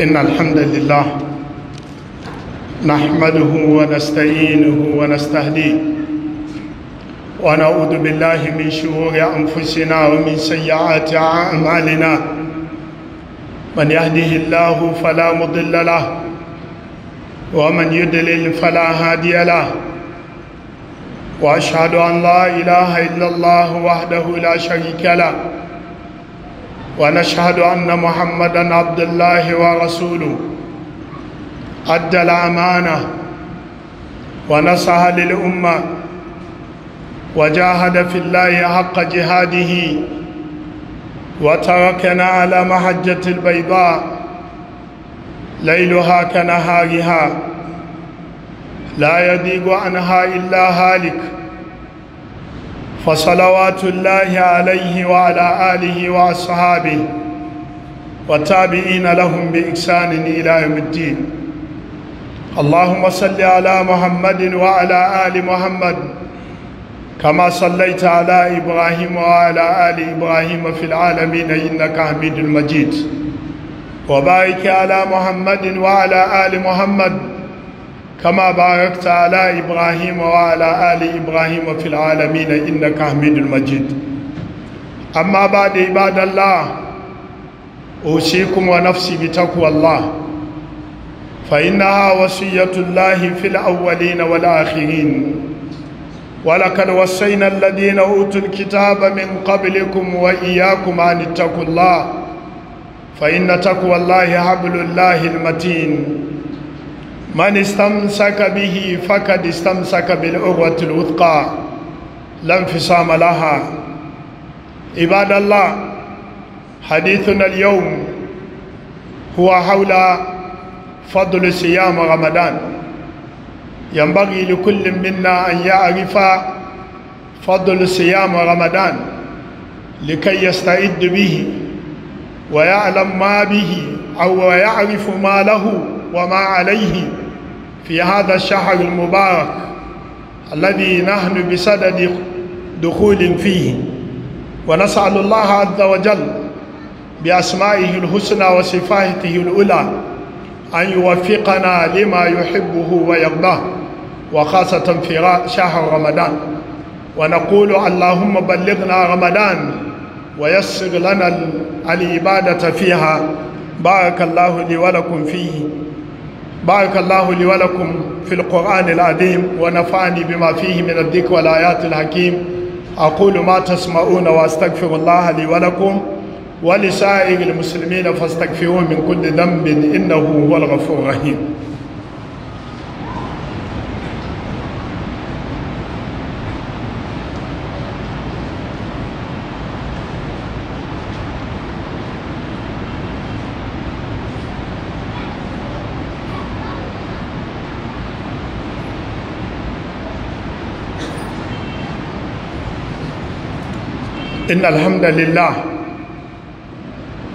إن الحمد لله نحمده ونستعينه ونستهديه ونعوذ بالله من شرور أنفسنا ومن سيئات أعمالنا من يهده الله فلا مضل له ومن يدلل فلا هادي له وأشهد أن لا إله إلا الله وحده لا شريك له ونشهد أن محمدًا عبد الله ورسوله أدى الأمانة ونصح للأمة وجاهد في الله حق جهاده وتركنا على محجة البيضاء ليلها كنهارها لا يضيق عنها إلا هالك فصلوات الله عليه وعلى آله وأصحابه والتابعين لهم بإحسان إلى يوم الدين اللهم صل على محمد وعلى آل محمد كما صليت على إبراهيم وعلى آل إبراهيم في العالمين إنك حميد مجيد وبارك على محمد وعلى آل محمد كما باركت على إبراهيم وعلى آل إبراهيم في العالمين إنك حميد مجيد أما بعد عباد الله أوصيكم ونفسي بتقوى الله فإنها وصية الله في الأولين والآخرين ولقد وصينا الذين أوتوا الكتاب من قبلكم وإياكم أن اتقوا الله فإن تقوى الله حبل الله المتين من استمسك به فقد استمسك بالعروة الوثقى لا انفصام لها عباد الله حديثنا اليوم هو حول فضل صيام رمضان ينبغي لكل منا أن يعرف فضل صيام رمضان لكي يستعد به ويعلم ما به أو يعرف ما له وما عليه في هذا الشهر المبارك الذي نحن بصدد دخول فيه ونسأل الله عز وجل بأسمائه الحسنى وصفاته الأولى أن يوفقنا لما يحبه ويرضاه وخاصة في شهر رمضان ونقول اللهم بلغنا رمضان ويسر لنا العبادة فيها بارك الله لي ولكم فيه بارك الله لي ولكم في القرآن العظيم ونفعني بما فيه من الذكر والآيات الحكيم أقول ما تسمعون وأستغفر الله لي ولكم ولسائر المسلمين فاستغفروه من كل ذنب إنه هو الغفور الرحيم إن الحمد لله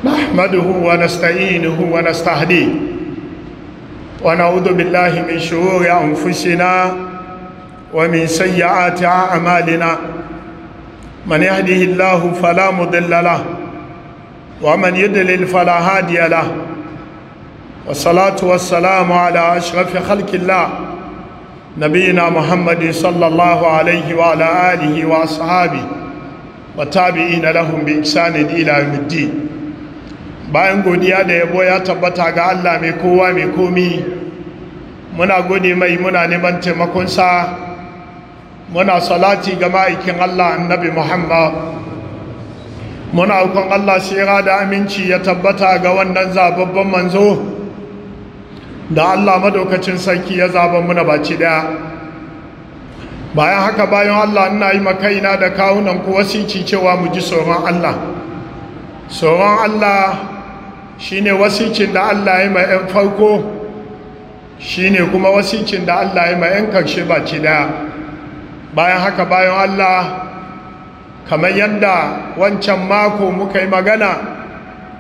نحمده ونستعينه ونستهديه ونعوذ بالله من شرور أنفسنا ومن سيئات أعمالنا من يهده الله فلا مضل له ومن يضلل فلا هادي له والصلاة والسلام على أشرف خلق الله نبينا محمد صلى الله عليه وعلى آله وأصحابه watabi'ina lahum bi ihsanin ila yawmiddin bayan godiya da yabo ya tabbata ga Allah mai kowa mai komi muna gode mai muna neman taimakon sa. muna salati ga ma'aikin Allah annabi Muhammad muna hukun Allah ra da aminci ya tabbata ga wannan zababban manzo da Allah madaukacin sarki ya zaba muna baci daya bayan haka bayan Allah ina yi makaina da kawunan ku wasici cewa mu ji tsoron Allah tsoron Allah shi ne wasicin da Allah ya mai yan farko ne kuma wasicin da Allah ya mai yan karshe ci daya bayan haka bayan Allah kamar yadda wancan mako muka yi magana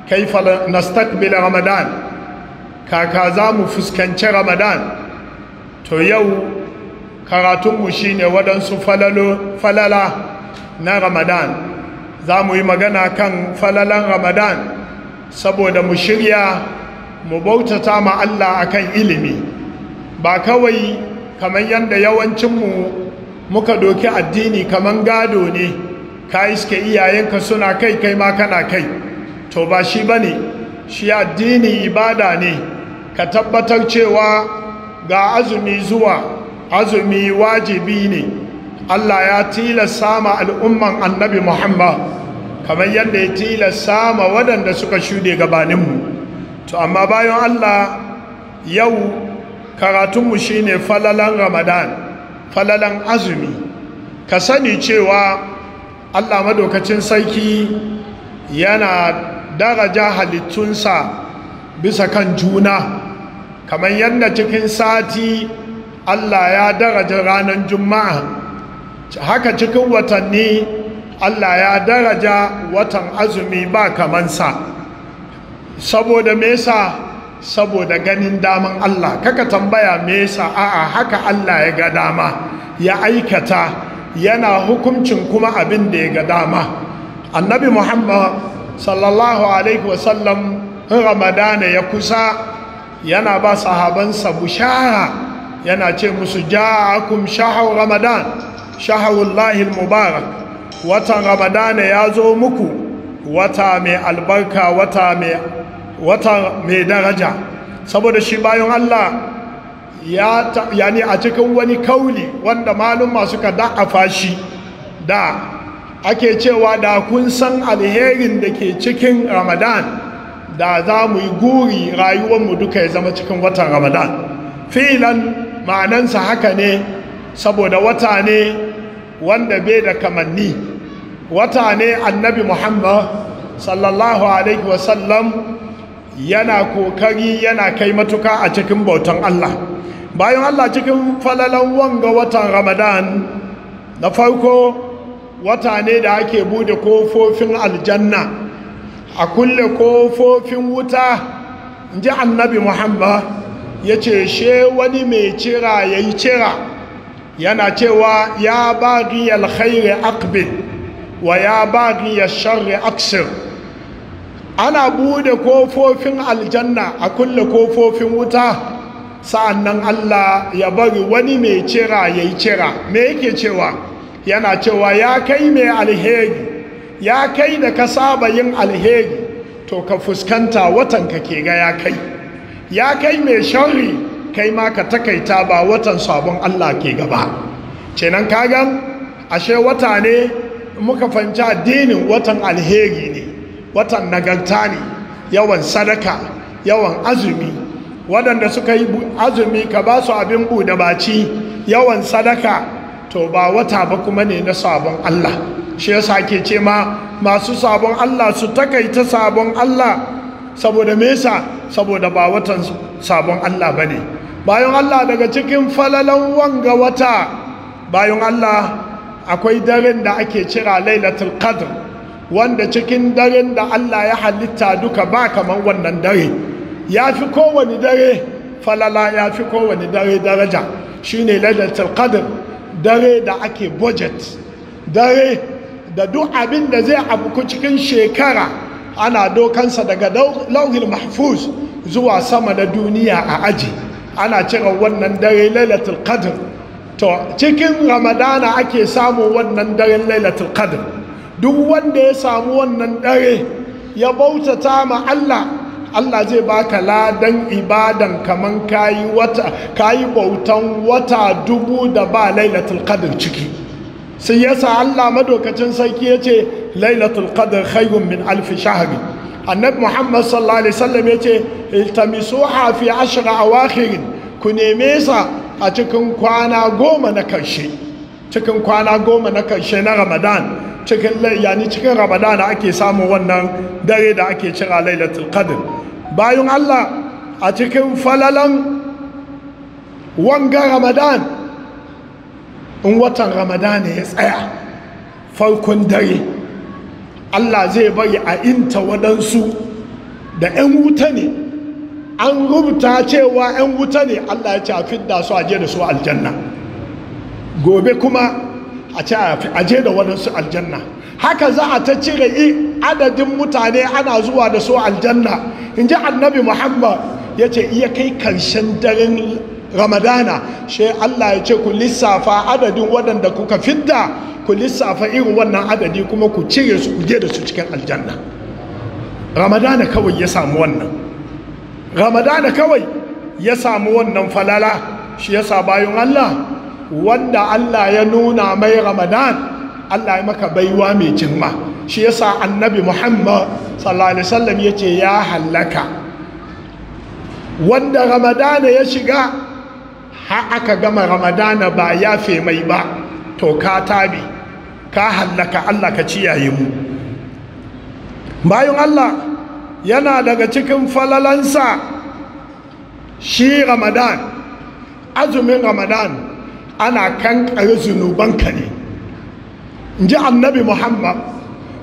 kaifa nastaqbil ramadan kaka za mu fuskanci ramadan to yau karatunmu shi ne waɗansu falala na ramadan za mu yi magana kan falalan ramadan saboda mu shirya mu bautata ma Allah akan ilimi ba kawai kamar yadda yawancinmu muka doki addini kamar gado ne ka iske iyayenka suna kai kai ma kana kai to ba shi ba ne shi addini ibada ne ka tabbatar cewa ga azumi zuwa azumi wajibi ne Allah ya tilasta ma al'umman annabi Muhammad kamar yadda ya tilasta ma waɗanda suka shuɗe gabaninmu to amma bayan Allah yau karatunmu shine falalan ramadan falalan azumi ka sani cewa Allah madaukacin sarki yana daraja halittunsa bisa kan juna kamar yadda cikin sati Allah ya daraja ranar juma'a haka cikin watanni Allah ya daraja watan azumi ba kamansa saboda mesa saboda ganin daman Allah kaka tambaya mesa a'a haka Allah ya ga dama ya aikata yana hukuncin kuma abin da ya ga dama annabi Muhammad sallallahu alaihi wasallam ramadana ya kusa yana ba sahabansa bushara yana ce musu ja ja'akum shahar ramadan shaharullahil mubarak watan ramadan ya zo muku wata mai albarka wata mai daraja saboda shi bayan Allah ya yani a cikin wani kauli wanda malumma suka da'afa shi da ake cewa da kun san alherin da ke cikin ramadan da za mu yi guri rayuwarmu duka ya zama cikin watan ramadan filan ma'anansa haka ne saboda wata ne wanda bai da kamanni wata ne annabi muhammad sallallahu alaihi wasallam yana kokari yana kai matuka a cikin bautan allah bayan allah cikin falalan wanga watan ramadan na farko wata ne da ake bude kofofin aljanna a kulle kofofin wuta in ji annabi muhammad ya ce she wani mai cira ya yi cira yana cewa ya ba bagi alkhairi akbin wa ya ba bagi sharri aksir ana bude kofofin aljanna a kulle kofofin wuta sa'annan Allah ya bari wani mai cira ya yi cira me yake cewa yana cewa ya kai mai alheri ya kai da ka saba yin alheri to ka fuskanta watan ka ke ga ya kai ya kai mai sharri kai ma ka takaita ba watan sabon Allah ke gaba kenan kagan ashe wata ne muka fahimci addinin watan alheri ne watan nagarta ne yawan sadaka yawan azumi waɗanda suka yi azumi ka ba su abin buɗe baci yawan sadaka to ba wata ba kuma ne na sabon Allah shi yasa ke ce ma masu sabon Allah su takaita sabon Allah saboda mesa saboda ba watan sabon Allah ba ne. bayan Allah daga cikin falalan wanga wata bayan Allah akwai daren da ake cira lailatul qadr wanda cikin daren da Allah ya halitta duka ba kaman wannan dare ya fi kowane dare falala ya fi kowane dare daraja shine lailatul qadr dare da ake budget dare da duk abin da zai abu cikin shekara ana dokansa daga lauhil mahfuz zuwa sama da duniya a aji ana cire wannan dare lailatul qadr to cikin ramadana ake samun wannan dare lailatul qadr duk wanda ya samu wannan dare ya bautata ma Allah Allah zai baka ladan ibadan kaman kayi wata kayi bautan wata dubu da ba lailatul qadr ciki sai yasa Allah madaukacin sarki yace lailatul qadr khayrun min alf shahr annabi muhammad sallallahu alaihi wasallam yace iltamisuha fi ashra awakhir ku neme a cikin kwana goma na karshe cikin kwana goma na karshe na ramadan cikin yani cikin ramadan ake samun wannan dare da ake cira lailatul qadr bayan allah a cikin falalan wanga ramadan in watan ramadan ya tsaya farkon dare Allah zai bari a inta waɗansu da 'yan wuta ne an rubuta cewa 'yan wuta ne Allah ya ce a fidda su aje da su aljanna gobe kuma a ce a aje da waɗansu aljanna haka za a ta cire adadin mutane ana zuwa da su aljanna in ji annabi muhammad ya ce iya kai karshen daren ramadana shi Allah ya ce ku lissafa adadin waɗanda kuka fidda ku lissafa irin wannan adadi kuma ku cire su ku da su cikin aljanna ramadana kawai ya samu wannan ramadana kawai ya samu wannan falala shi ya sa bayan Allah wanda Allah ya nuna mai ramadan Allah ya maka baiwa mai girma shi ya sa annabi muhammad sallallahu alaihi wasallam ya ce ya hallaka wanda ramadana ya shiga har aka gama ramadana ba ya fe mai ba to ka tabi ka hallaka Allah ka ciyaye mu bayan Allah yana daga cikin falalansa shi ramadan azumin ramadan ana kankare zunubanka ne Nji ji annabi muhammad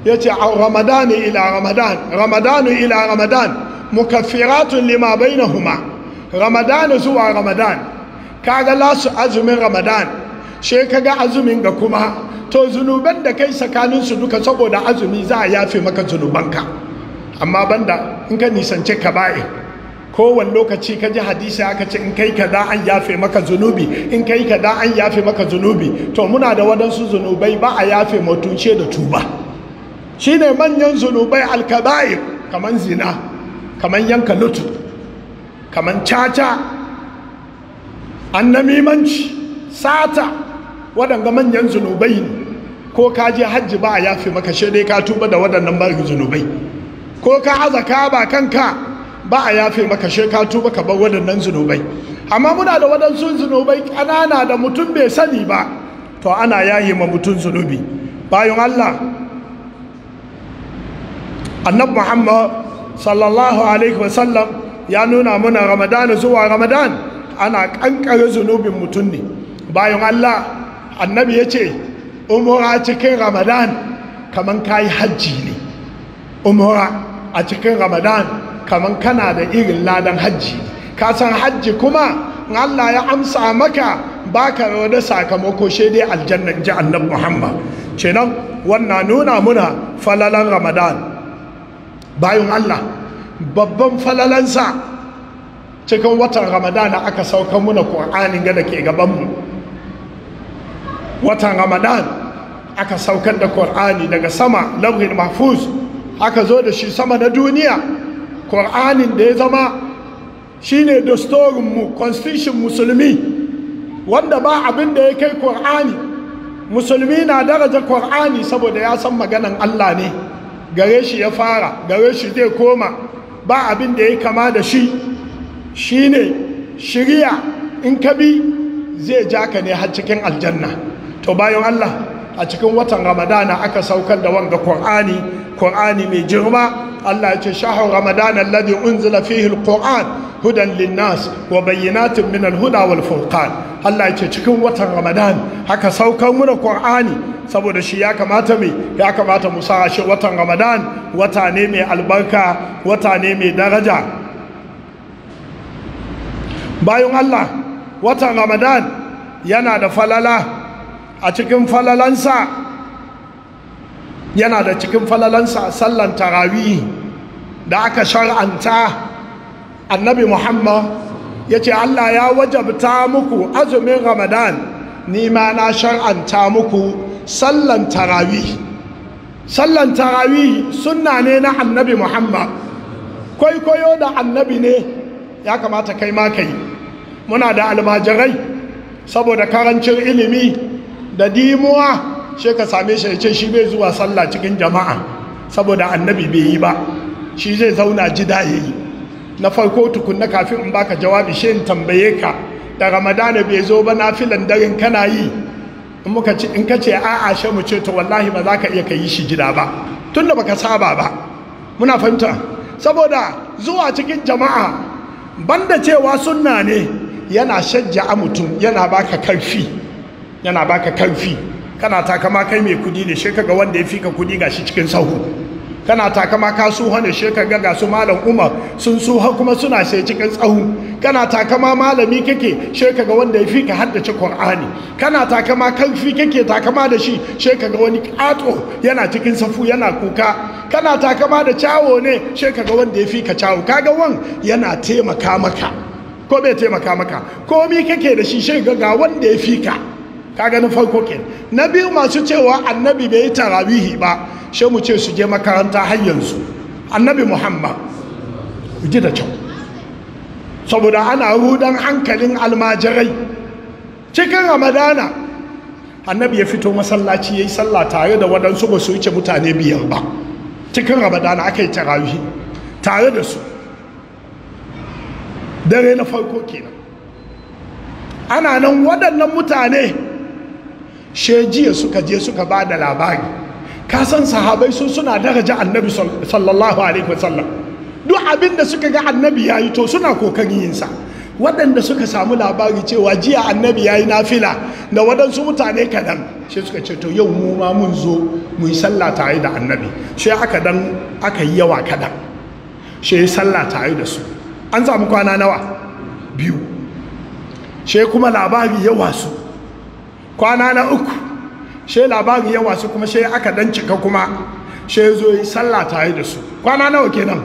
ya ce a ramadani ila ramadan ramadanu ila ramadan mukaffiratun lima bainahuma ramadanu zuwa ramadan kaga lasu azumin ramadan she kaga azumin ga kuma to zunuban da kai tsakanin su duka saboda azumi za a yafe maka zunubanka amma banda in ka nisance ka bai kowane lokaci ka ji hadisi aka ce in kai kaza an yafe maka zunubi in kai kaza an yafe maka zunubi to muna da wadansu zunubai ba a yafe mutunce da tuba shine manyan zunubai alkaba'ir kaman zina kaman yanka lutu kaman caca annamimanci sata waɗanga manyan zunubai ne ko ka je hajji ba a yafi maka dai ka tuba da waɗannan ba zunubai ko ka azaka ba kanka ba a yafi maka shi ka tuba ka bar waɗannan zunubai amma muna da waɗansu zunubai ƙanana da mutum bai sani ba to ana yayi ma mutum zunubi bayan Allah annabi Muhammad sallallahu alaihi wasallam ya nuna mana Ramadan zuwa ramadan ana kankare zunubin mutum ne bayan Allah annabi ya ce umura cikin ramadan kaman kayi hajji ne umura a cikin ramadan kaman kana da irin ladan hajji ka san hajji kuma Allah ya amsa maka baka da sakamako shai dai aljanna ji annabi Muhammad kenan wannan nuna muna falalan ramadan bayan Allah babban falalansa cikin watan ramadana aka sauka muna ƙur'anin ga da ke gabanmu watan ramadan aka saukar da ƙur'ani daga sama lauhin mafus aka zo da shi sama na duniya ƙur'anin da ya zama shi shine mu, constitution musulmi wanda ba abin da ya kai Kur'ani. musulmi na daraja Kur'ani saboda ya san maganan Allah ne gare shi ya fara gare shi zai koma ba abin da ya kama da shi shine shiriya in ka bi zai ja ka ne har cikin aljanna to bayan Allah a cikin watan ramadana aka saukar da wanga qur'ani qur'ani mai jirma. Allah ya ce shahar ramadan alladhi unzila fihi alquran hudan linnas wa bayyanatin min alhuda wal furqan Allah ya ce cikin watan ramadan haka saukar mu da qur'ani saboda shi ya kamata ya kamata mu sa shi watan ramadan wata ne mai albarka wata ne mai daraja bayan Allah watan Ramadan yana da falala a cikin falalansa yana da cikin falalansa sallan tarawih da aka shar'anta annabi Muhammad ya ce Allah ya wajabta muku azumin Ramadan ni ma na shar'anta muku sallan tarawih sallan tarawih sunna ne na annabi Muhammad kwaikwayo da annabi ne ya kamata kai ma ka yi muna da almajirai saboda karancin ilimi da dimuwa shi ka same shi ce shi bai zuwa sallah cikin jama'a saboda annabi bai yi ba shi zai zauna jida ya yi na farko tukunna kafin in baka jawabi shi in tambaye ka da ramadana bai zo ba na filan darin kana yi in ka ce a'a she mu ce to wallahi ba za ka iya ka yi shi gida ba tun tunda baka saba ba muna fahimta saboda zuwa cikin jama'a banda cewa sunna ne yana a mutum yana baka karfi yana baka karfi kana takama kai mai kudi ne shi kaga wanda ya ka kudi gashi cikin sahu kana takama ka suha ne shi kaga ga su malam Umar sun suha kuma suna sai cikin tsahu kana takama malami kake shi kaga wanda ya ka haddace Qur'ani kana takama karfi kake takama da shi shi kaga wani kato yana cikin safu yana kuka kana takama da cawo ne shi kaga wanda ya ka cawo kaga wan yana taimaka maka ko bai taimaka maka komi kake da shi shi ga wanda ya fi ka ka gani farko ke na biyu masu cewa annabi bai yi tarawihi ba shi mu ce su je makaranta har yanzu annabi muhammad ji da kyau saboda ana rudan hankalin almajirai cikin ramadana annabi ya fito masallaci ya yi sallah tare da waɗansu ba su wuce mutane biyar ba cikin ramadana aka yi tarawihi tare da su dare na farko kenan ana nan waɗannan mutane shejiya suka je suka ba da labari kasan sahabai sun suna daraja annabi sallallahu alaihi wasallam duk abin da suka ga annabi ya yi to suna kokarin yinsa waɗanda suka samu labari cewa jiya annabi ya yi nafila da waɗansu mutane kaɗan sai suka ce to yau mu ma mun zo mu yi sallah tare da annabi sai aka dan aka yi yawa kaɗan sai sallah tare da su an samu kwana nawa biyu she kuma labari ya wasu kwana na uku she labari ya wasu kuma she aka dan cika kuma she zo yi sallah tare da su kwana nawa kenan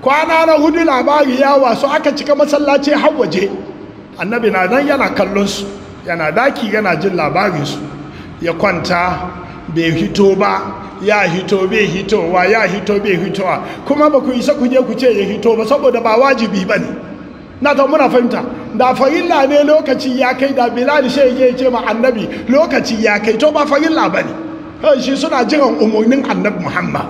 kwana na hudu labari ya wasu aka cika masallaci har waje annabi na nan yana kallon su yana daki yana jin labarin su ya kwanta bai hito ba ya hito bai hitowa ya hito bai hitowa kuma ba ku isa ku je ku ce ya hito ba saboda ba wajibi ba ne na ta muna fahimta da fahimla ne lokaci ya kai da bilal shi ya ce ma annabi lokaci ya kai to ba fahimla ba ne shi suna jiran umarnin annabi muhammad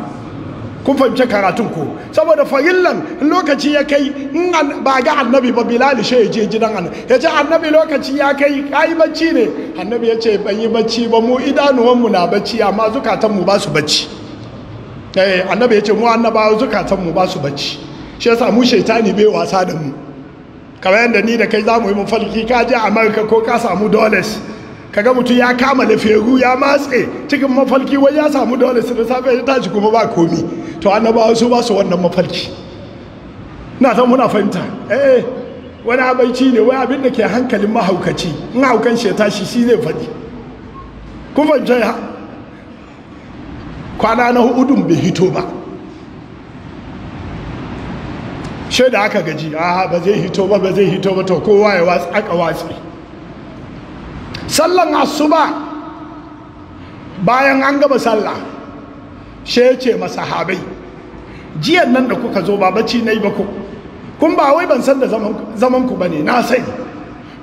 kun fahimci karatun ku saboda farillan lokaci ya kai in ba ga annabi ba bilali shi ya je gidan annabi ya ce annabi lokaci ya kai kai bacci ne annabi ya ce ban yi bacci ba mu idanuwan na bacci amma zukatan mu ba su bacci eh, annabi ya ce mu annabawa zukatan mu ba su bacci shi yasa mu shaitani bai wasa da mu kamar yadda ni da kai za mu yi mafalki ka je amurka ko ka samu dollars kaga mutum ya kama laferu ya matse cikin mafalki wai ya samu dole su da safe ya tashi kuma ba komi to annabawa su ba su wannan mafalki na san muna fahimta eh wani abinci ne wai abin da ke hankalin mahaukaci in haukan shi ya tashi shi zai faɗi kun fahimta ya kwana na hudun bai hito ba da aka gaji a ba zai hito ba ba zai hito ba to kowa ya watsi aka watsi sallan asuba bayan an gama sallah she ya ce masahabai jiyan nan da kuka zo ba bacci na yi ba ku kun ba wai ban san da zaman ku ba ne na sai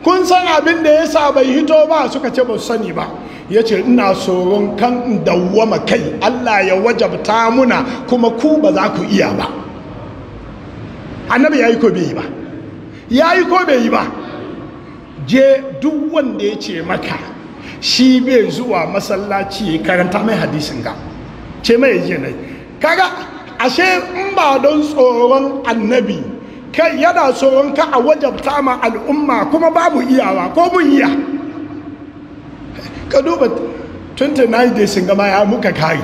kun san abin da ya sa bai hito ba suka ce ba sani ba ya ce ina tsoron kan in dawwama kai allah ya wajabta muna kuma ku ba za ku iya ba annabi ya yi ko bai yi ba ya yi ko bai yi ba je duk wanda ya ce maka shi bai zuwa masallaci ya karanta mai hadisin ga ce mai je ne kaga ashe in ba don tsoron annabi kai yana tsoron ka a wajabta ma al'umma kuma babu iyawa ko mun iya ka duba 29 da sun ma ya muka kai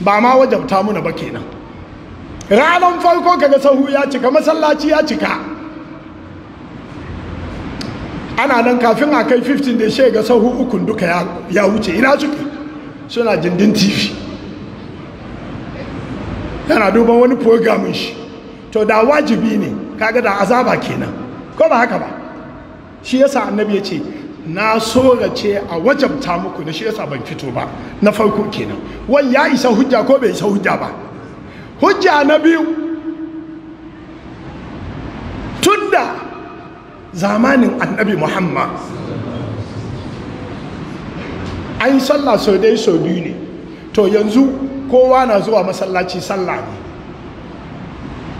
ba ma wajabta muna ba kenan ranar farko kaga sahu ya cika masallaci ya cika ana nan kafin a kai 15 da shega sahu ukun duka ya wuce ina suke suna jindin tv yana duban wani programin shi to da wajibi ne kaga da azaba kenan ko ba haka ba shi yasa annabi ya ce na tsorace a wajabta muku da shi yasa ban fito ba na farko kenan wai ya isa hujja ko bai isa hujja ba hujja na biyu zamanin annabi muhammad an yi sallah sau dai sau biyu ne to yanzu kowa na zuwa masallaci sallah ne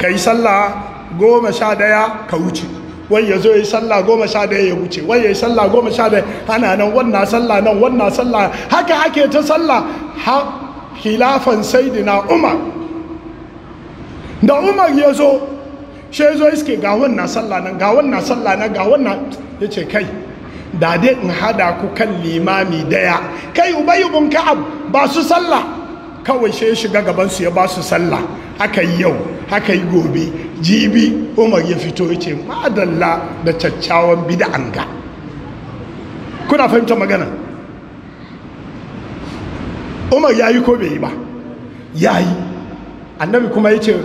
ka yi sallah goma sha daya ka wuce wai ya zo ya yi sallah goma sha daya ya wuce wai ya yi sallah goma sha daya ana nan wannan sallah nan wannan sallah haka ake ta sallah ha khilafan saidina umar da umar ya zo shi zo iske ga wannan sallah nan ga wannan sallah nan ga wannan ya kai da dai in hada ku kan limami daya kai ubayu bin ka'ab ba su sallah kawai shi shiga gaban su ya ba su sallah haka yau haka yi gobe jibi umar ya fito ya ce madalla da caccawan bid'an ga kuna fahimta magana umar ya yi ko bai yi ba ya yi annabi kuma ya ce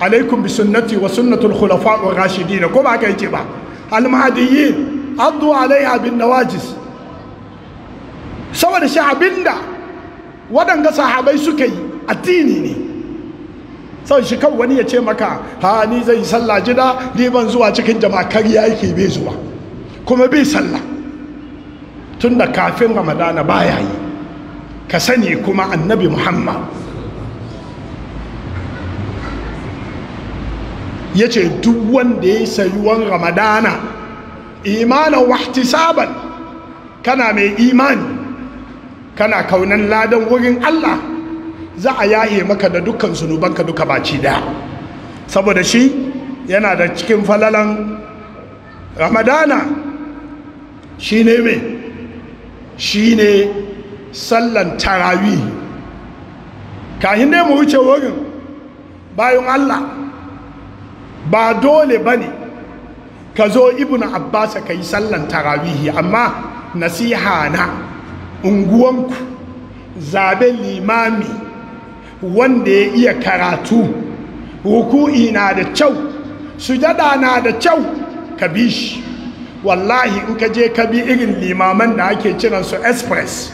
alaikum bi sunnati wa sunnatul khulafa'ur rashidin ko ba ka ce ba al mahdiyyin addu alaiha bin nawajis saboda shi abinda waɗanga sahabai suka yi addini ne sau shi kan wani ya ce maka ha ni zai sallah jida ni ban zuwa cikin jama'a kariya yake bai zuwa kuma bai sallah Tunda kafin ramadana baya yi ka sani kuma annabi muhammad ya ce duk wanda ya sayuwan ramadana imanin saban kana mai imani kana kaunan ladan wurin allah za a yaye maka da dukkan ka duka baci daya saboda shi yana da cikin falalan ramadana shi ne mai shi ne sallan tarawi kahin ne mu wuce wurin bayan allah ba dole ba ne ka zo ibn abbas ka yi sallan tarawihi amma nasiha na unguwanku zabe limami wanda ya iya karatu ruku'i na da kyau sujada na da kyau ka bi shi wallahi in ka je ka bi irin limaman da ake kiransu express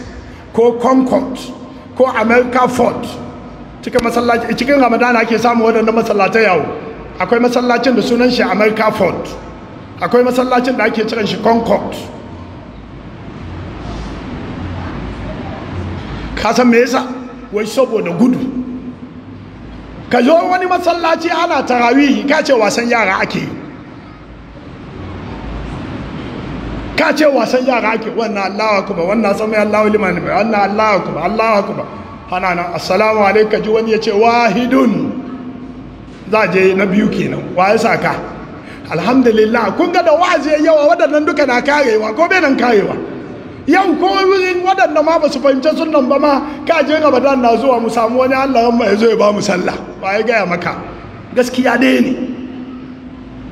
ko concord ko america ford cikin Ramadan cikin ramadana ake samun waɗanda masallatai yawo akwai masallacin da sunan shi america fort akwai masallacin da ake ciran shi concord kasan me yasa wai saboda gudu ka zo wani masallaci ana tarawi ka ce wasan yara ake ka ce wasan yara ake wannan allawa kuma wannan sami allawa liman wannan allawa kuma allawa kuma hana nan assalamu alaikaji wani ya ce wahidun za a je na biyu kenan wa ya saka alhamdulillah kun ga da wa'azi yawa waɗannan duka na karewa ko bai nan karewa yau ko wurin waɗanda ma ba su fahimci sunan ba ma ka je ramadan na zuwa mu samu wani allah ma ya zo ya ba mu sallah ba ya gaya maka gaskiya dai ne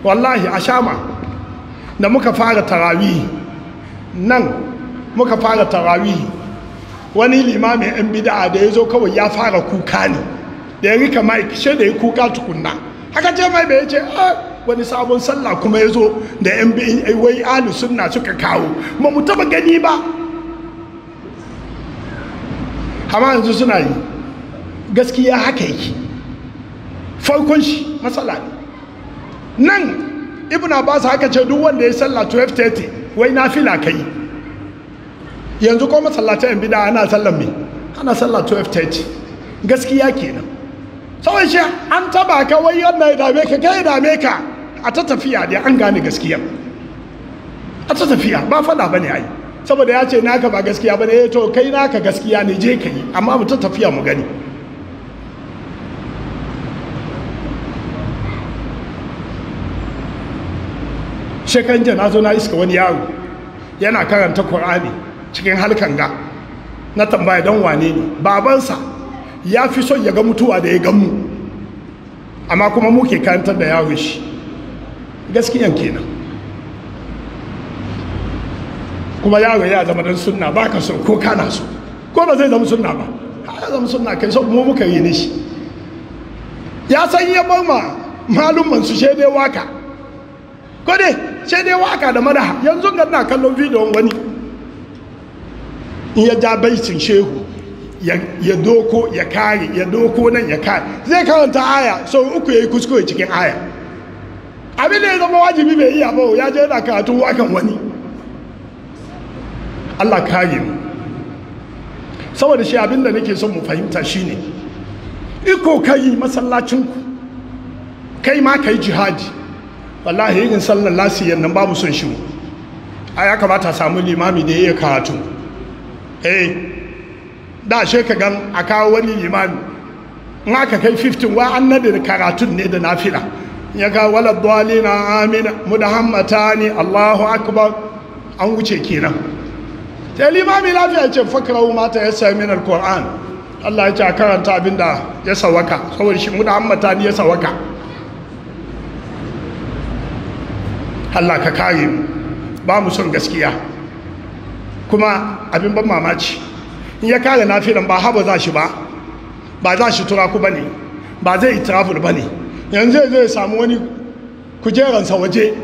wallahi a shama da muka fara tarawih nan muka fara tarawi wani limamin yan bida'a da ya zo kawai ya fara kuka ne da ya rika mike shi da ya kuka tukunna haka ce mai bai ce ah, wani sabon sallah kuma ya zo da yan bi wai ahlu sunna suka kawo ba mu taba gani ba amma yanzu suna yi gaskiya haka yake farkon shi matsala ne nan ba su haka ce duk wanda ya sallah 12:30 wai na ka kai yanzu ko masallacin yan bida ana sallar me ana sallah 12:30 gaskiya kenan sauwai shi an taba ka wai wannan ya dame ka kai ya dame ka a ta tafiya dai an gane gaskiya a ta tafiya ba fada bane ai saboda ya ce naka ba gaskiya ne ya eh to kai naka gaskiya ne je ka yi amma mu ta tafiya mu gani shekan jana na zo na iska wani yaro yana karanta Qur'ani cikin halkan ga na tambaya don wane ne babansa ya fi son ya ga mutuwa da ya gamu amma kuma mu ke kantar da yawon shi gaskiyan kenan kuma yawon ya zama don suna ba ka so ko kana so ko ba zai zama suna ba ya zama suna kai so mu muka yi ne shi ya san yi bar ma malumman su shaidai waka ko dai shede waka da madaha yanzu ga na kallon bidiyon wani in ya ja baitin shehu ya doko ya kare ya doko nan ya kare zai karanta aya sau uku ya yi kuskure cikin aya abin da ya zama wajibi mai iya bau ya je yana karatu wakan wani Allah kare mu saboda shi abin da nake son mu fahimta shine iko kai masallacin ku kai ma kai jihadi wallahi irin sallar lasiyar nan babu son shi a ya kamata samu limami da ya karatu eh da she ka gan a kawo wani limami in aka kai 15 wa an nade karatun ne da nafila ya ga wala dalina amina ne Allahu akbar an wuce kenan sai limami lafiya ce fakrahu mata sami na alquran Allah ya ce a karanta da ya sawaka saboda shi ne ya sawaka Allah ka kare mu ba mu son gaskiya kuma abin ban mamaci in ya kare nafilan ba haba za shi ba ba za shi turaku ba ne ba zai itiraful ba ne yanzu zai samu wani kujeransa waje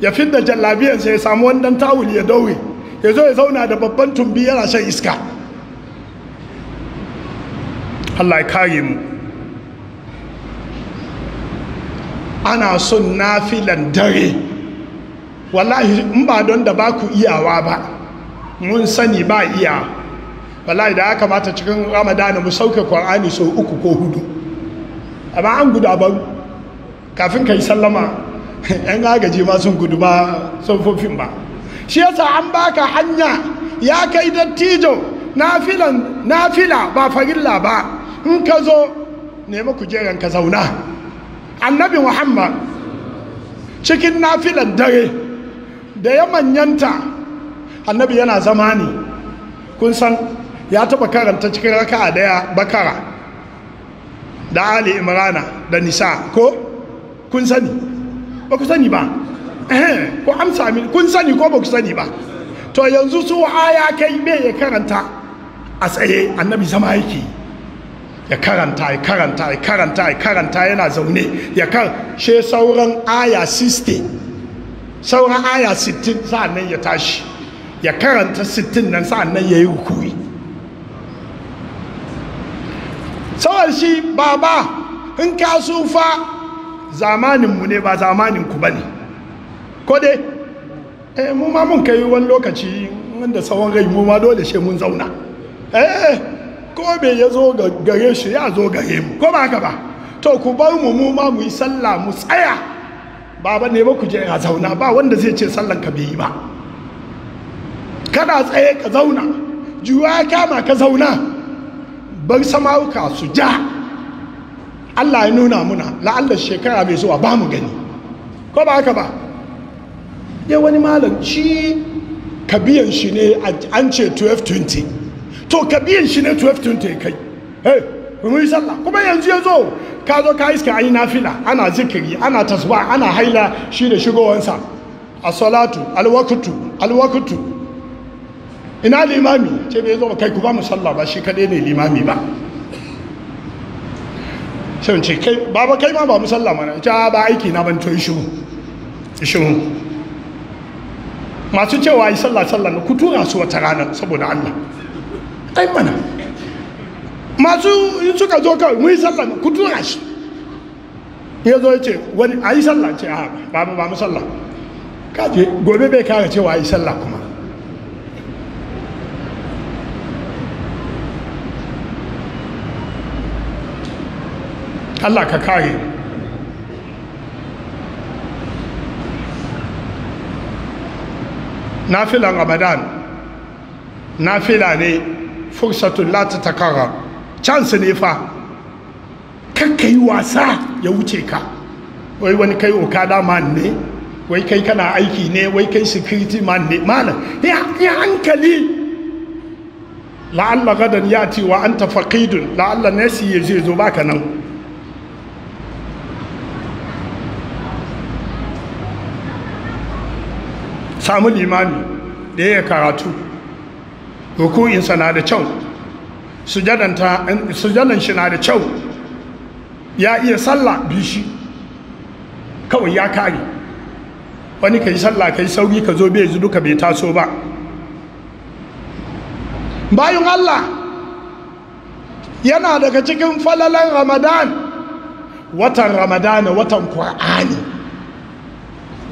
ya fidda jallabiyansa ya samu wani dan tawul ya daure ya zo ya zauna da babban tumbi yana shan iska Allah ya kare mu ana son nafilan dare wallahi in ba don da ba ku iyawa ba mun sani ba iya wallahi da ya kamata cikin ramadana mu sauke ƙwar'ani sau uku ko hudu amma an guda ba kafin ka yi sallama yan agaji ma sun gudu ba tsofofin ba shi yasa an baka hanya ya kai dattijo nafila ba farilla ba in ka zo nema kujeran ka zauna annabi muhammad cikin nafilan dare da ya manyanta annabi yana zama ne kun san ya taba karanta cikin raka daya bakara da ali imrana da nisa ko kun sani ba ku sani ba ko amsa min kun sani ko ba ku sani ba to yanzu su aya kai me ya karanta a tsaye annabi zama yake ya karanta ya karanta ya karanta ya karanta yana zaune ya kar she sauran aya 60 sauran aya 60 nan ya tashi ya karanta 60 nan sa'annan ya yi hukuri sawar shi baba in ka sufa zamaninmu ne ba zamaninku ba ne ko dai eh mu ma mun kai wani lokaci wanda tsawon rai mu ma dole shi mun zauna eh ko me ya zo gare shi ya zo gare mu ko ba haka ba to ku bar mu mu ma mu yi sallah mu tsaya baba ne ba ku je a zauna ba wanda zai ce sallan ka bai yi ba kada tsaye ka zauna juwa kama ka zauna bar samawuka su ja Allah ya nuna muna la'allar shekara mai zuwa ba mu gani ko ba haka ba ya wani malam kabiyan shi ne an ce 1220 to kabiyan shi ne 1220 kai hey mu yi sallah kuma yanzu ya zo ka zo ka iska ayi nafila ana zikiri ana tasba ana haila shi da shigowansa a salatu alwakutu alwakutu ina limami ce bai zo kai ku ba musalla ba shi kaɗai ne limami ba sai ce kai baba kai ma ba musalla mana ita ba aiki na ban to ishu masu cewa yi sallah sallah na ku tura su wata ranar saboda Allah kai mana masu yi suka zo kawai mu yi sallah ku tura shi ya zo ya ce wani a yi sallah ce a ba mu ba mu sallah gobe bai kara cewa a yi sallah kuma Allah ka kare nafilan ramadan nafila ne fursatun lati takara chance ne fa kakka yi wasa ya wuce ka wai wani kai okada dama ne wai kai kana aiki ne wai kai security man ne mana ya hankali la'alla gadan ya ce wa tafa faqidun la'alla nasi ya zo baka nan samu limami da ya karatu ruku'insa na da kyau sujadan shi na da kyau ya iya sallah bishi kawai ya kare wani ka yi sallah ka yi sauri ka zo bai duka bai taso ba bayan allah yana daga cikin falalan ramadan watan ramadana watan kur'ani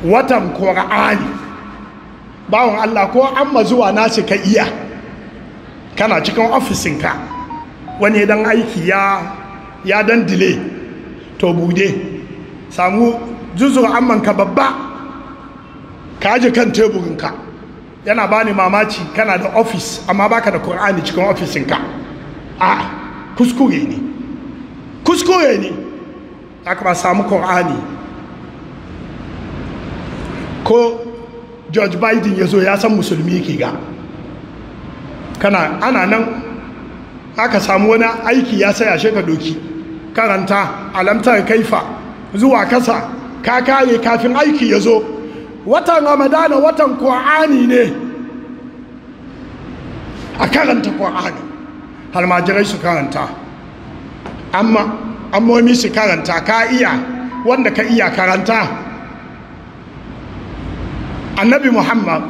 watan kur'ani bawon Allah ko an ma zuwa nasi ka iya kana cikin ofisinka wani dan aiki ya ya dan dile to bude samu juzu amman ka babba ka ji kan teburinka yana bani mamaci kana da ofis amma baka da Qur'ani cikin ofisinka a kuskure ne kuskure ne aka ba samu Qur'ani ko george biden ya zo ya san musulmi ke ga kana ana nan aka samu wani aiki ya saya shi ka doki karanta alamtar kaifa zuwa kasa ka kare kafin aiki ya zo watan ramadana watan ƙwa'ani ne a karanta ƙwa'ani halmajirai su karanta amma ammomi su karanta ka iya wanda ka iya karanta annabi muhammad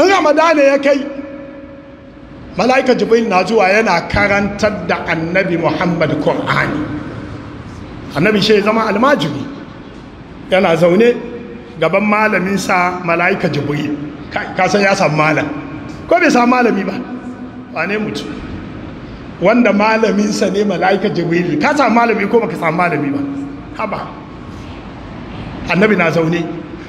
in ramadana ya kai mala'ika jibril na zuwa yana karantar da annabi muhammad qur'ani. annabi shi zama almajiri yana zaune gaban malaminsa mala'ika jibril kasan ya samu malam ko bai samu malami ba wane mutu wanda malaminsa ne mala'ika jibril ka samu malami ko baka samu malami ba haba annabi na zaune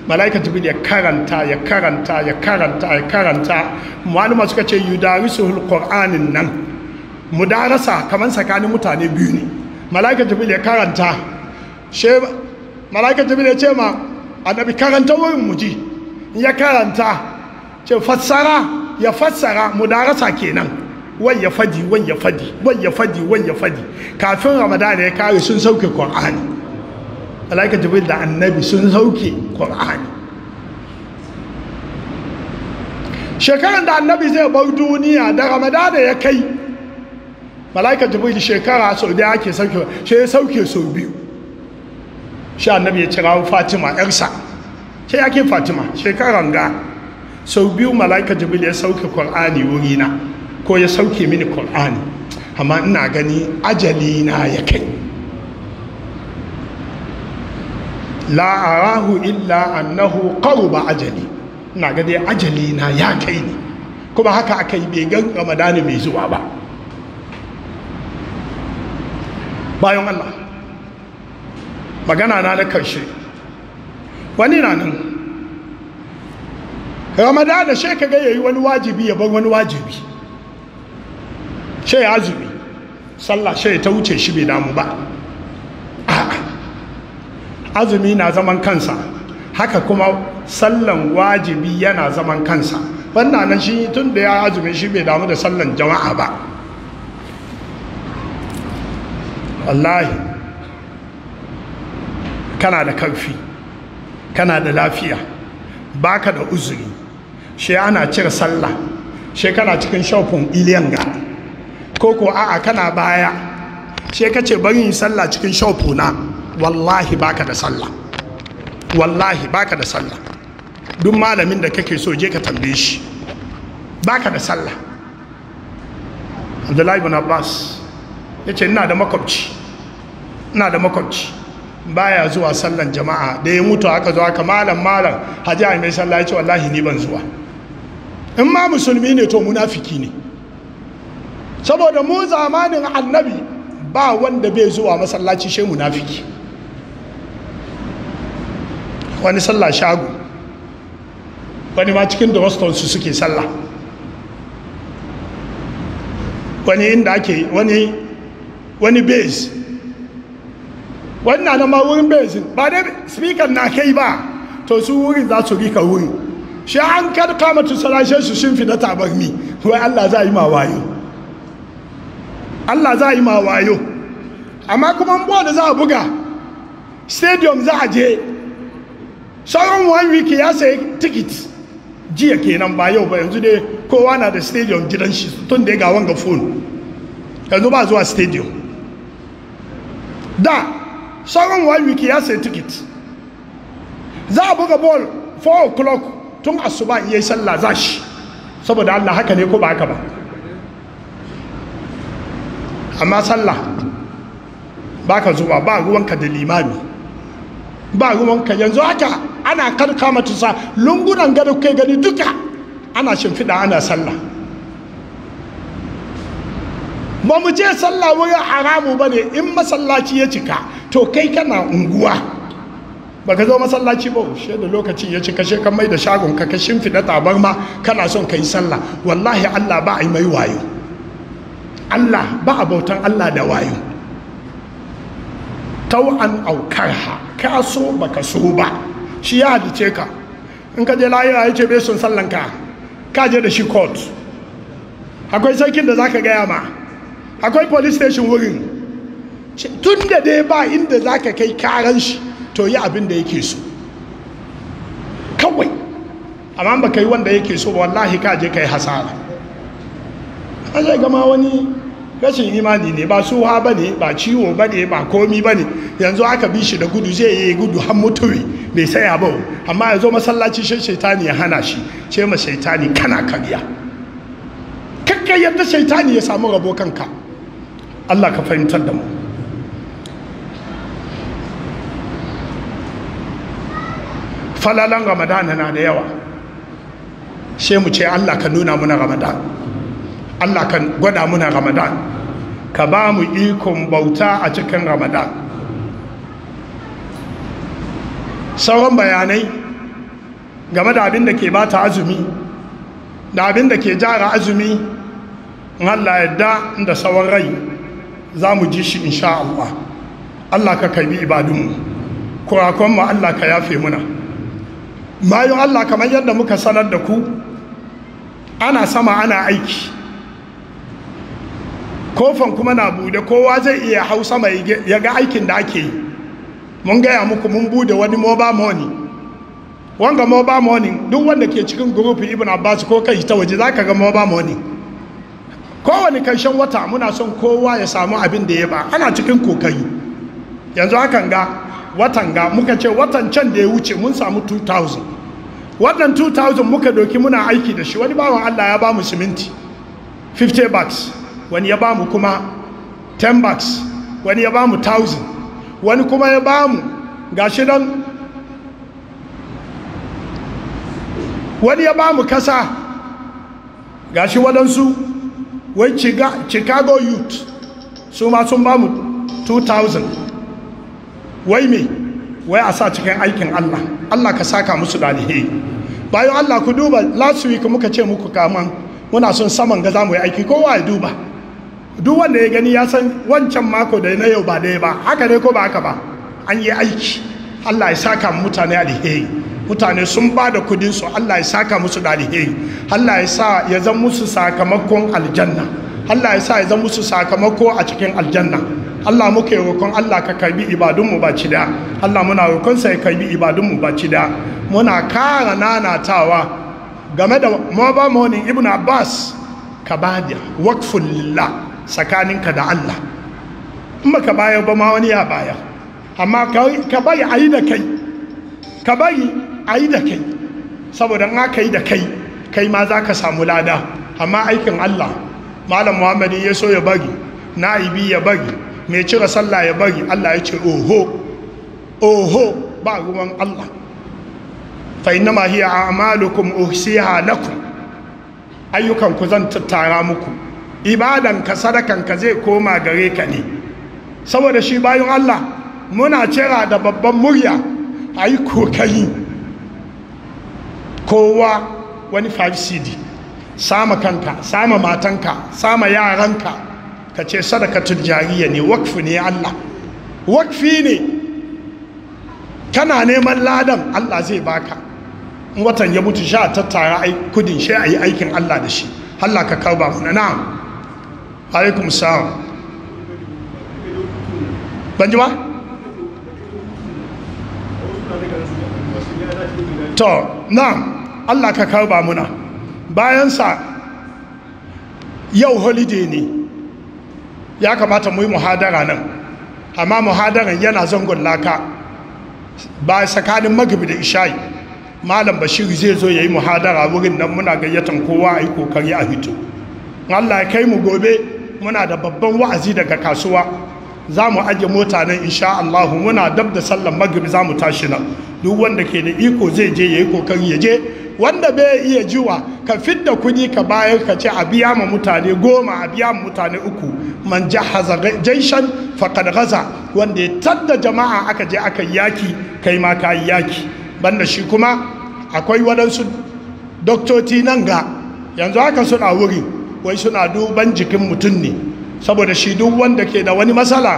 malaika jibril ya karanta ya karanta ya karanta ya karanta maluma suka ce yudarisuhul qur'anin nan mudarasa kamar tsakanin mutane biyu ne malaika jibril ya karanta she malaika jibril ya ce ma annabi karanta wurin muji ya karanta ce fassara ya fassara mudarasa kenan wai ya fadi wai ya fadi wai ya fadi wai ya fadi kafin ramadan ya kare sun sauke qur'ani malaika jibril da annabi sun sauke qur'ani shekaran da annabi zai bar duniya da ramadana ya kai malaika jibril shekara sau da ake sauke shi ya sauke sau biyu shi annabi ya cira fatima yarsa shi yake fatima shekaran ga sau biyu malaika jibril ya sauke qur'ani wurina ko ya sauke mini qur'ani amma ina gani ajali na ya kai la'arahu illa annahu qaruba ajali ina ga dai ajali na ya kai ni kuma haka akai yi bai gan ramadani mai zuwa ba bayan Allah magana na na karshe wani na nan ramadana shi ka ga yayi wani wajibi ya bar wani wajibi shi ya azumi sallah shi ta wuce shi bai damu ba azumi na zaman kansa haka kuma sallan wajibi yana zaman kansa wannan nan shi tun da ya azumi shi bai damu da sallan jama'a ba wallahi kana da karfi kana da lafiya baka da uzuri shi ana cire sallah shi kana cikin shafin iliyanga ko ko a'a kana baya shi ka ce bari yi sallah cikin shafuna wallahi baka da sallah wallahi baka da sallah duk malamin da kake so je ka tambaye shi baka da sallah abdullahi ibn abbas ya ce ina da makwabci ina da makwabci baya zuwa sallan jama'a da ya mutu aka zo aka malam malam haji a mai sallah ya ce wallahi ni ban zuwa in ma musulmi ne to munafiki ne saboda mu zamanin annabi ba wanda bai zuwa masallaci shi munafiki wani sallah shago wani ma cikin domeston su suke sallah wani inda ake wani wani base wannan na ma wurin base ba dai speaker na kai ba to su wurin za su rika wuri shi an kada tu salashe su shi fi na tabarmi wai Allah za yi ma wayo Allah za yi ma wayo amma kuma mbuwa da za a buga stadium za a je sauran one week ya sayi tikit jiya kenan ba yau ba yanzu dai kowa na da stadium gidan shi tun da ya ga wanga phone yanzu ba zuwa stadium da sauran one week ya sayi tikit za a buga ball 4 o'clock tun asuba ya yi sallah za shi saboda Allah haka ne ko ba haka ba amma sallah ba ka zuwa ba ruwanka da limami ba ruwanka yanzu haka ana karka matusa lungunan gado kai gani duka ana shimfiɗa ana sallah ba mu je sallah wuri haramu ba ne in masallaci ya cika to kai kana unguwa ba ka zo masallaci ba shi da lokacin ya cika shi kan mai da shagon ka ka shimfiɗa ma kana son ka yi sallah wallahi allah ba a yi mai wayo allah ba a bautan allah da wayo tau'an aukarha ka so ba ka so ba shi ya halice ka in ka je lahira ya ce bai sun sallan ka ka je da shi court akwai sarkin da za ka gaya ma akwai police station wurin tun da dai ba inda za ka kai karan shi to yi abin da yake so kawai amma ba kai wanda yake so ba wallahi ka je kai hasara A zai gama wani rashin imani ne ba suha ba ne ba ciwo ba ne ba komi ba ne yanzu aka bi shi da gudu zai yi gudu har mutuwi bai saya ba amma ya zo masallaci shi shaitani ya hana shi ce ma shaitani kana karya kakka yadda shaitani ya samu rabo kanka Allah ka fahimtar da mu falalan ramadana na da yawa sai mu ce Allah ka nuna muna ramadan Allah ka gwada muna ramadan ka ba mu ikon bauta a cikin ramadan sauran bayanai game da abin da ke bata azumi da abin da ke jara azumi in Allah yadda da sauran rai za mu ji shi insha Allah Allah ka kai bi ibadunmu kurakon Allah ka yafe muna bayan Allah kamar yadda muka sanar da ku ana sama ana aiki kofan kuma na bude kowa zai iya hau sama ya ga aikin da ake yi mun gaya muku mun bude wani mobile money wanga mobile money duk wanda ke cikin group ibn abbas ko kai ta waje zaka ga mobile money kowane karshen wata muna son kowa ya samu abin da ya ba ana cikin kokari yanzu hakan ga watan ga muka ce watan can da ya wuce mun samu 2000 wannan 2000 muka doki muna aiki da shi wani bawan Allah ya ba mu siminti 50 bucks wani ya ba mu kuma 10 bucks wani ya ba mu 1000 wani kuma ya bamu gashi don wani ya bamu kasa gashi waɗansu wai chicago youth su ma sun bamu 2000 wai me wai a sa cikin aikin allah allah ka saka musu dalihi bayan allah ku duba last week muka ce muku kaman muna son saman ga za mu yi aiki kowa ya duba duk wanda ya gani ya san wancan mako da na yau ba daya ba haka ne ko ba haka ba an yi aiki Allah ya saka mutane alheri mutane sun ba da kudin Allah ya saka musu da alheri Allah ya sa ya zan musu sakamakon aljanna Allah ya sa ya zan musu sakamako a cikin aljanna Allah muke roƙon Allah ka karbi ibadunmu ba ci da Allah muna roƙon ya karbi ibadunmu ba ci da muna kara nanatawa game da mobile morning ibn Abbas kabadiya waqful lillah tsakaninka da Allah in baka bayar ba ma wani ya bayar amma ka bari a yi da kai ka bari a yi da kai saboda in ka yi da kai kai ma za ka samu lada amma aikin Allah malam Muhammadu ya so ya bari na'ibi ya bari mai cire sallah ya bari Allah ya ce oho oho ba ruwan Allah fa ma hiya a'malukum uhsiha lakum ayyukan ku zan tattara muku ibadanka sadakanka zai koma gare ka ne saboda shi bayan Allah muna cera da babban murya a yi kokari kowa wani 5 sama kanka sama matanka sama yaranka ka ce sadakatun jariya ne wakfi ne Allah wakfi ne kana neman ladan Allah zai baka watan ya mutu sha tattara kudin shi a yi aikin Allah da shi Allah ka karba mu na na'am alaikum salam ban ji to na Allah ka karba muna Bayan sa yau holiday ne ya kamata mu yi muhadara nan amma muhadaran yana zangon laka ba tsakanin magabi da ishayi malam bashir zai zo ya yi muhadara wurin nan muna gayyatan kowa a yi kokari a hito Allah ya kai mu gobe muna da babban wa'azi daga kasuwa za mu ajiye mota nan insha Allah muna dab da sallan magrib za mu tashi nan duk wanda ke da iko zai je yayi kokari ya je wanda bai iya jiwa ka fidda kudi ka bayar ka ce a biya ma mutane goma a biya ma mutane uku man jahaza jaishan faqad ghaza wanda tadda jama'a aka je aka yaki kai ma ka yaki banda shi kuma akwai wadansu doktoti nan ga yanzu haka suna wuri wai suna duban jikin mutum ne saboda shi duk wanda ke da wani matsala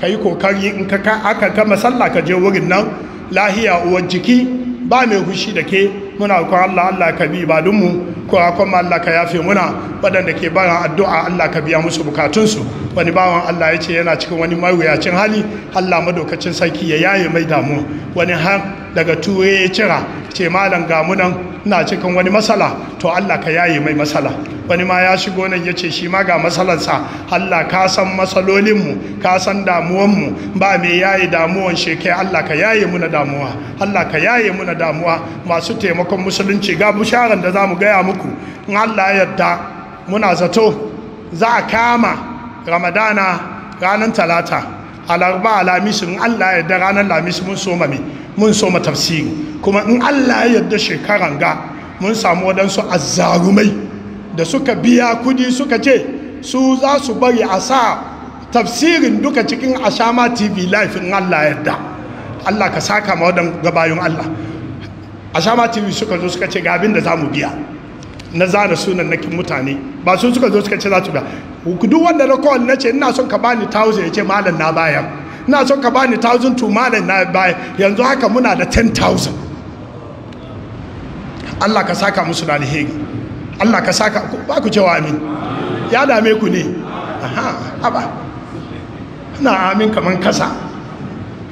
ka yi kokari in ka aka ka masalla ka je wurin nan lahiya uwar jiki ba mai hushi da ke muna ko Allah Allah ka bi ibadunmu ko kuma Allah ka yafe muna waɗanda ke bayan addu'a Allah ka biya musu bukatunsu wani bawan Allah ya ce yana cikin wani mawuyacin hali Allah madaukacin sarki ya yaye mai damu wani har daga tuwe ya cira ce malam munan na cikin wani matsala to Allah ka yaye mai matsala wani ma ya shigo nan ya ce shi ma ga matsalarsa Allah ka san matsalolinmu ka san damuwanmu ba mai yaye damuwan shekai Allah ka yaye muna damuwa Allah ka yaye muna damuwa masu taimako taimakon musulunci ga bisharar da za mu gaya muku in allah yadda muna zato za a kama ramadana ranar talata alarba alamis in allah yadda ranar lamisu mun soma me mun soma tafsiri kuma in allah yadda shekaran ga mun samu waɗansu azzarumai da suka biya kudi suka ce su za su bari a sa tafsirin duka cikin ashama tv life in allah yadda allah ka saka ma waɗanda gabayun allah a ma tv suka zo suka ce ga abin da za mu biya na zana sunan nakin mutane ba su suka zo suka ce za su biya duk wanda na kowane na ce ina son ka bani thousand ya ce malam na baya ina son ka bani thousand to malam na baya yanzu haka muna da ten thousand Allah ka saka musu da alheri Allah ka saka ba ku cewa amin ya dame ku ne aha ina amin kamar kasa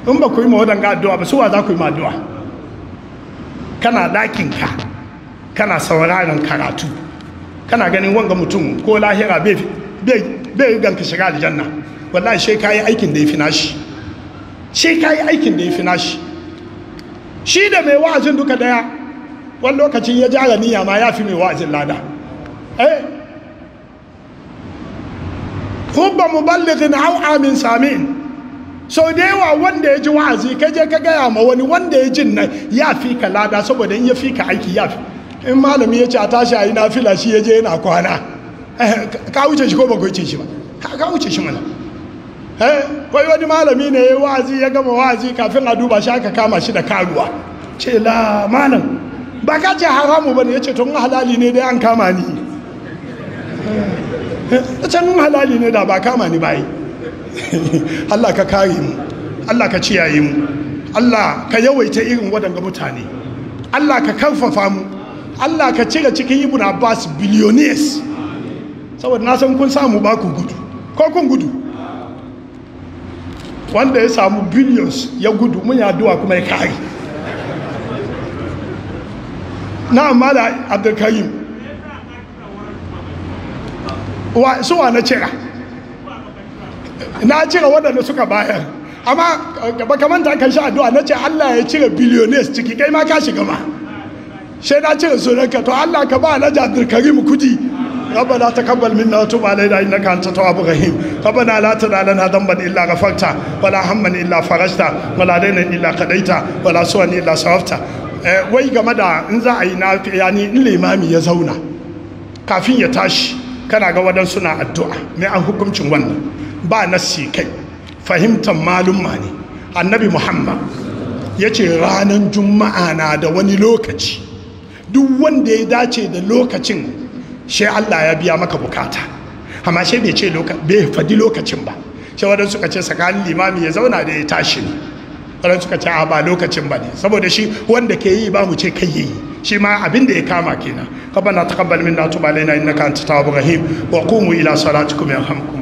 in ba ku yi ma waɗanga addu'a ba su wa za ku yi ma addu'a kana ɗakinka kana sauraron karatu kana ganin wanga mutum ko lahira bai ganka shiga aljanna wallahi shi ka yi aikin da ya fi nashi shi ka yi aikin da ya fi nashi shi da mai wa'azin duka daya wani lokacin ya jara niyya ma ya fi mai wa'azin lada eh mu muballighin hau amin samin sau da yawa wanda ya ji wa'azi ka je ka gaya ma wani wanda ya jin nan ya fi ka lada saboda in ya fi ka aiki ya fi in malami ya ce a tashi a yi na fila shi ya je yana kwana eh, ka wuce shi ko ba wuce shi ba ka wuce shi mana eh, wai wani malami ne ya wa'azi ya gama wa'azi kafin a duba shi aka kama shi da karuwa ce la malam ba ka ce haramu ba ne ya ce tun halali ne dai an kama ni eh, can halali ne da ba kama ni bayi. yi Allah ka kare mu Allah ka ciyaye mu Allah ka yawaita irin wadanda mutane Allah ka karfafa mu Allah ka cire cikin ibn Abbas billionaires saboda na san kun samu ba ku gudu ko kun gudu wanda ya samu billions ya gudu mun ya addu'a kuma ya kare na amma da abdulkarim wa suwa na cira na cire waɗanda suka bayar amma eh, ba ta kan sha addu'a na ce Allah ya cire billionaires ciki kai ma ka shiga ma sai na cire sunanka to Allah ka ba na jadir karim kudi minna ربنا تقبل منا وتب علينا انك انت التواب الرحيم ربنا لا تدع لنا ذنبا الا غفرته ولا هما الا فرجته ولا دينا الا na ولا سوءا illa صرفته eh, wai game da in za a yi na yani in limami ya zauna kafin ya tashi kana ga wadansu na addu'a mai an hukuncin wannan ba nassi kai fahimtar malumma ne annabi muhammad ya ce ranar juma'a na da wani lokaci duk wanda ya dace da lokacin shi allah ya biya maka bukata amma shi bai ce bai fadi lokacin ba shi waɗansu suka ce tsakanin limami ya zauna da ya tashi ne Wadanda suka ce ba lokacin ba ne saboda shi wanda ke yi ba mu ce kai yi shi ma abin da ya kama kenan kabana na minna tuba alaina innaka antat tawwabur rahim wa qumu ila salatikum yarhamkum